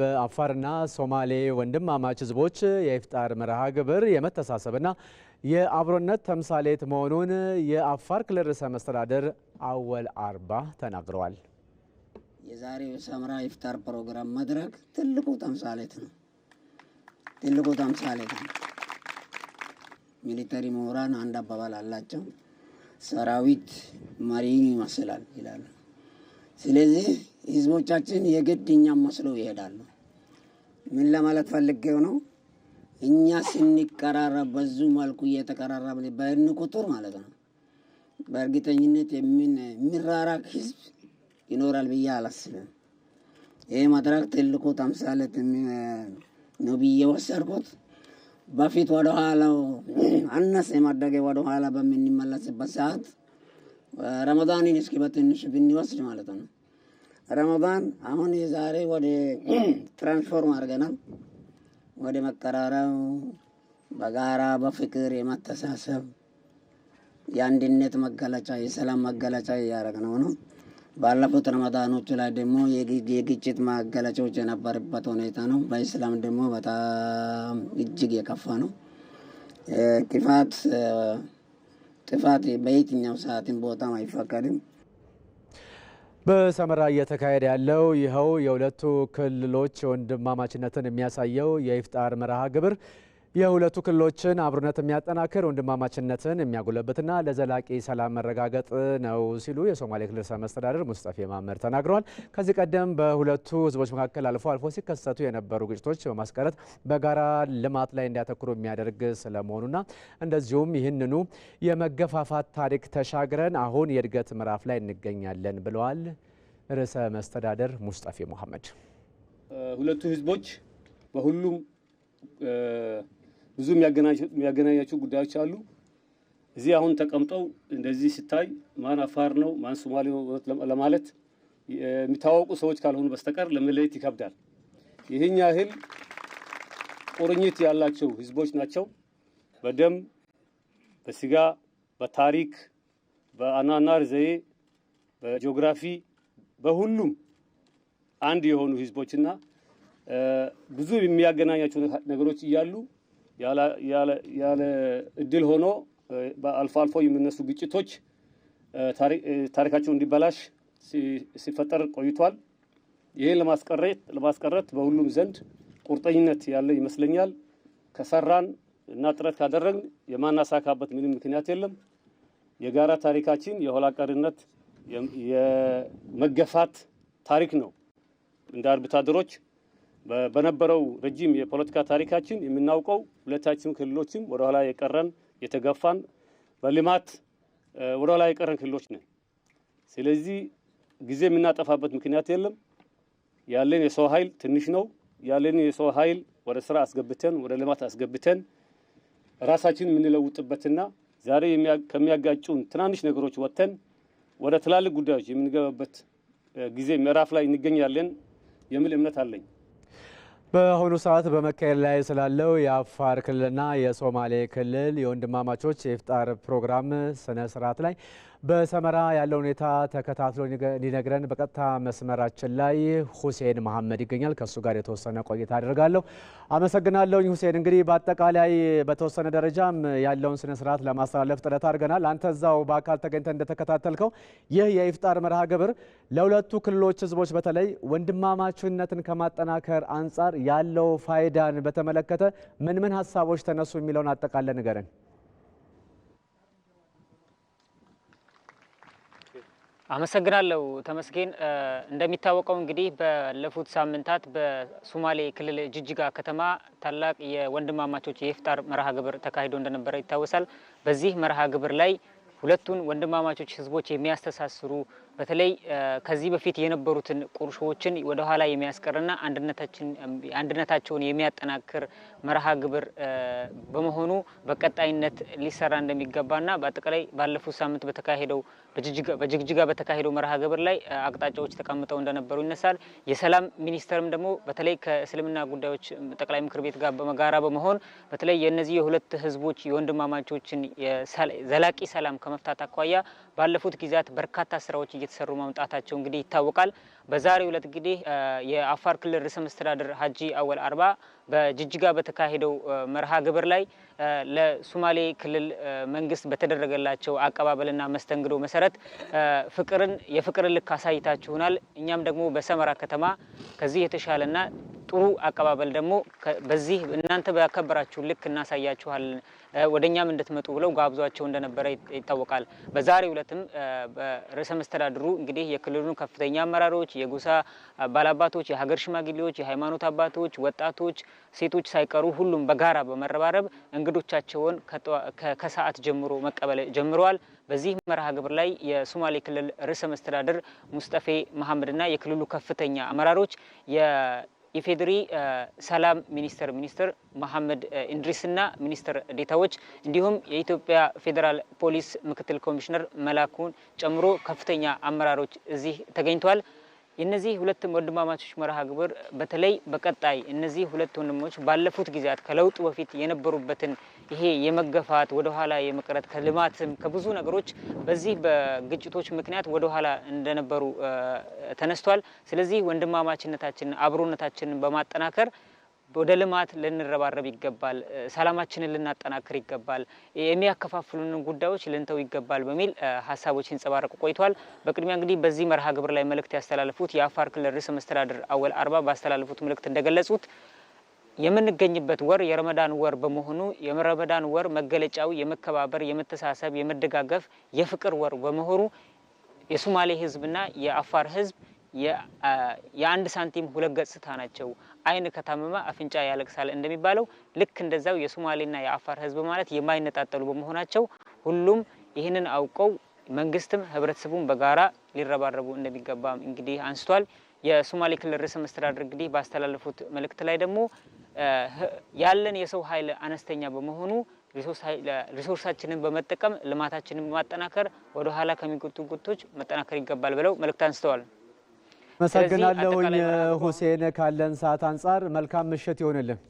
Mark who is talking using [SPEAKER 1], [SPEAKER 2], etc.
[SPEAKER 1] በአፋርና ሶማሌ ወንድማማች ህዝቦች የኢፍጣር መርሃ ግብር የመተሳሰብና የአብሮነት ተምሳሌት መሆኑን የአፋር ክልል ርዕሰ መስተዳደር አወል አርባ ተናግረዋል።
[SPEAKER 2] የዛሬው ሰምራ ኢፍጣር ፕሮግራም መድረክ ትልቁ ተምሳሌት ነው። ትልቁ ተምሳሌት ነው። ሚሊተሪ ምሁራን አንድ አባባል አላቸው፣ ሰራዊት መሪን ይመስላል ይላሉ። ስለዚህ ህዝቦቻችን የግድ እኛም መስለው ይሄዳሉ። ምን ለማለት ፈልጌው ነው? እኛ ስንቀራረብ በዙ መልኩ እየተቀራረብን በእን ቁጥር ማለት ነው በእርግጠኝነት የሚራራቅ ህዝብ ይኖራል ብዬ አላስብም። ይህ መድረክ ትልቁ ተምሳሌት ነው ብዬ ወሰድኩት። በፊት ወደኋላው አነስ ማደገ ወደኋላ በምንመለስበት ሰዓት ረመዳንን እስኪ በትንሹ ብንወስድ ማለት ነው ረመዳን አሁን የዛሬ ወደ ትራንስፎርም አድርገናል፣ ወደ መቀራረብ፣ በጋራ በፍቅር የመተሳሰብ የአንድነት መገለጫ የሰላም መገለጫ እያደረግነው ነው። ባለፉት ረመዳኖች ላይ ደግሞ የግጭት መገለጫዎች የነበረበት ሁኔታ ነው። በኢስላም ደግሞ በጣም እጅግ የከፋ ነው። ጥፋት ጥፋት በየትኛው ሰዓትን ቦታም አይፈቀድም።
[SPEAKER 1] በሰመራ እየተካሄደ ያለው ይኸው የሁለቱ ክልሎች ወንድማማችነትን የሚያሳየው የኢፍጣር መርሃ ግብር የሁለቱ ክልሎችን አብሮነት የሚያጠናክር ወንድማማችነትን የሚያጎለብትና ለዘላቂ ሰላም መረጋገጥ ነው ሲሉ የሶማሌ ክልል ርዕሰ መስተዳደር ሙስጠፌ ማመር ተናግረዋል። ከዚህ ቀደም በሁለቱ ህዝቦች መካከል አልፎ አልፎ ሲከሰቱ የነበሩ ግጭቶች በማስቀረት በጋራ ልማት ላይ እንዲያተኩሩ የሚያደርግ ስለመሆኑና እንደዚሁም ይህንኑ የመገፋፋት ታሪክ ተሻግረን አሁን የእድገት ምዕራፍ ላይ እንገኛለን ብለዋል። ርዕሰ መስተዳደር ሙስጠፌ መሀመድ
[SPEAKER 3] ሁለቱ ህዝቦች በሁሉም ብዙ የሚያገናኛቸው ጉዳዮች አሉ። እዚህ አሁን ተቀምጠው እንደዚህ ሲታይ ማን አፋር ነው ማን ሶማሌ ነው ለማለት የሚታወቁ ሰዎች ካልሆኑ በስተቀር ለመለየት ይከብዳል። ይህን ያህል ቁርኝት ያላቸው ህዝቦች ናቸው። በደም በስጋ በታሪክ በአናናር ዘዬ በጂኦግራፊ በሁሉም አንድ የሆኑ ህዝቦችና ብዙ የሚያገናኛቸው ነገሮች እያሉ ያለ እድል ሆኖ አልፎ አልፎ የሚነሱ ግጭቶች ታሪካቸው እንዲበላሽ ሲፈጠር ቆይቷል። ይህን ለማስቀረት በሁሉም ዘንድ ቁርጠኝነት ያለ ይመስለኛል። ከሰራን እና ጥረት ካደረግን የማናሳካበት ምንም ምክንያት የለም። የጋራ ታሪካችን የኋላ ቀርነት፣ የመገፋት ታሪክ ነው። እንደ አርብቶ አደሮች በነበረው ረጅም የፖለቲካ ታሪካችን የምናውቀው ሁለታችን ክልሎችም ወደኋላ የቀረን የተገፋን በልማት ወደኋላ የቀረን ክልሎች ነን። ስለዚህ ጊዜ የምናጠፋበት ምክንያት የለም። ያለን የሰው ኃይል ትንሽ ነው። ያለን የሰው ኃይል ወደ ስራ አስገብተን ወደ ልማት አስገብተን ራሳችን የምንለውጥበትና ዛሬ ከሚያጋጩን ትናንሽ ነገሮች ወጥተን ወደ ትላልቅ ጉዳዮች የምንገባበት ጊዜ ምዕራፍ ላይ እንገኛለን የሚል እምነት አለኝ።
[SPEAKER 1] በአሁኑ ሰዓት በመካሄድ ላይ ስላለው የአፋር ክልልና የሶማሌ ክልል የወንድማማቾች የፍጣር ፕሮግራም ስነ ስርዓት ላይ በሰመራ ያለው ሁኔታ ተከታትሎ እንዲነግረን በቀጥታ መስመራችን ላይ ሁሴን መሐመድ ይገኛል። ከእሱ ጋር የተወሰነ ቆይታ አደርጋለሁ። አመሰግናለሁኝ ሁሴን። እንግዲህ በአጠቃላይ በተወሰነ ደረጃም ያለውን ስነ ስርዓት ለማስተላለፍ ጥረት አድርገናል። አንተ እዛው በአካል ተገኝተ እንደተከታተልከው ይህ የኢፍጣር መርሃ ግብር ለሁለቱ ክልሎች ህዝቦች በተለይ ወንድማማችነትን ከማጠናከር አንጻር ያለው ፋይዳን በተመለከተ ምን ምን ሀሳቦች ተነሱ የሚለውን አጠቃለን ንገረን።
[SPEAKER 4] አመሰግናለሁ ተመስገን። እንደሚታወቀው እንግዲህ ባለፉት ሳምንታት በሶማሌ ክልል ጅጅጋ ከተማ ታላቅ የወንድማማቾች የኢፍጣር መርሃ ግብር ተካሂዶ እንደነበረ ይታወሳል። በዚህ መርሃ ግብር ላይ ሁለቱን ወንድማማቾች ህዝቦች የሚያስተሳስሩ በተለይ ከዚህ በፊት የነበሩትን ቁርሾዎችን ወደኋላ የሚያስቀርና አንድነታቸውን የሚያጠናክር መርሃ ግብር በመሆኑ በቀጣይነት ሊሰራ እንደሚገባና በአጠቃላይ ባለፉት ሳምንት በተካሄደው በጅግጅጋ በተካሄደው መርሃ ግብር ላይ አቅጣጫዎች ተቀምጠው እንደነበሩ ይነሳል። የሰላም ሚኒስቴርም ደግሞ በተለይ ከእስልምና ጉዳዮች ጠቅላይ ምክር ቤት ጋር በመጋራ በመሆን በተለይ የእነዚህ የሁለት ህዝቦች የወንድማማቾችን ዘላቂ ሰላም ከመፍታት አኳያ ባለፉት ጊዜያት በርካታ ስራዎች እየተሰሩ መምጣታቸው እንግዲህ ይታወቃል። በዛሬው ዕለት እንግዲህ የአፋር ክልል ርዕሰ መስተዳድር ሀጂ አወል አርባ በጅጅጋ በተካሄደው መርሃ ግብር ላይ ለሶማሌ ክልል መንግስት በተደረገላቸው አቀባበልና መስተንግዶ መሰረት ፍቅርን የፍቅርን ልክ አሳይታችሁናል። እኛም ደግሞ በሰመራ ከተማ ከዚህ የተሻለና ጥሩ አቀባበል ደግሞ በዚህ እናንተ ባከበራችሁ ልክ እናሳያችኋለን ወደኛም እንድትመጡ ብለው ጋብዟቸው እንደነበረ ይታወቃል። በዛሬው ዕለትም ርዕሰ መስተዳድሩ እንግዲህ የክልሉን ከፍተኛ አመራሮች የጎሳ ባላባቶች፣ የሀገር ሽማግሌዎች፣ የሃይማኖት አባቶች፣ ወጣቶች፣ ሴቶች ሳይቀሩ ሁሉም በጋራ በመረባረብ እንግዶቻቸውን ከሰዓት ጀምሮ መቀበል ጀምረዋል። በዚህ መርሃ ግብር ላይ የሶማሌ ክልል ርዕሰ መስተዳድር ሙስጠፌ መሐመድና የክልሉ ከፍተኛ አመራሮች የኢፌዴሪ ሰላም ሚኒስቴር ሚኒስትር መሐመድ ኢንድሪስና ሚኒስትር ዴታዎች እንዲሁም የኢትዮጵያ ፌዴራል ፖሊስ ምክትል ኮሚሽነር መላኩን ጨምሮ ከፍተኛ አመራሮች እዚህ ተገኝተዋል። የእነዚህ ሁለት ወንድማማቾች መርሃ ግብር በተለይ በቀጣይ እነዚህ ሁለት ወንድሞች ባለፉት ጊዜያት ከለውጥ በፊት የነበሩበትን ይሄ የመገፋት ወደኋላ የመቅረት ከልማትም ከብዙ ነገሮች በዚህ በግጭቶች ምክንያት ወደኋላ እንደነበሩ ተነስቷል። ስለዚህ ወንድማማችነታችንን አብሮነታችንን በማጠናከር ወደ ልማት ልንረባረብ ይገባል፣ ሰላማችንን ልናጠናክር ይገባል፣ የሚያከፋፍሉንን ጉዳዮች ልንተው ይገባል በሚል ሀሳቦች ይንጸባረቁ ቆይቷል። በቅድሚያ እንግዲህ በዚህ መርሃ ግብር ላይ መልእክት ያስተላለፉት የአፋር ክልል ርዕሰ መስተዳድር አወል አርባ ባስተላለፉት መልእክት እንደገለጹት የምንገኝበት ወር የረመዳን ወር በመሆኑ የረመዳን ወር መገለጫው የመከባበር፣ የመተሳሰብ፣ የመደጋገፍ፣ የፍቅር ወር በመሆኑ የሶማሌ ህዝብና የአፋር ህዝብ የአንድ ሳንቲም ሁለት ገጽታ ናቸው። አይን ከታመመ አፍንጫ ያለቅሳል እንደሚባለው ልክ እንደዛው የሶማሌና የአፋር ህዝብ ማለት የማይነጣጠሉ በመሆናቸው ሁሉም ይህንን አውቀው መንግስትም ህብረተሰቡን በጋራ ሊረባረቡ እንደሚገባም እንግዲህ አንስቷል። የሶማሌ ክልል ርዕሰ መስተዳድር እንግዲህ ባስተላለፉት መልእክት ላይ ደግሞ ያለን የሰው ኃይል አነስተኛ በመሆኑ ሪሶርሳችንን በመጠቀም ልማታችንን በማጠናከር ወደ ኋላ ከሚጎቱ ጉቶች መጠናከር ይገባል ብለው መልእክት አንስተዋል።
[SPEAKER 1] አመሰግናለሁኝ ሁሴን። ካለን ሰዓት አንጻር መልካም ምሽት ይሆንልን።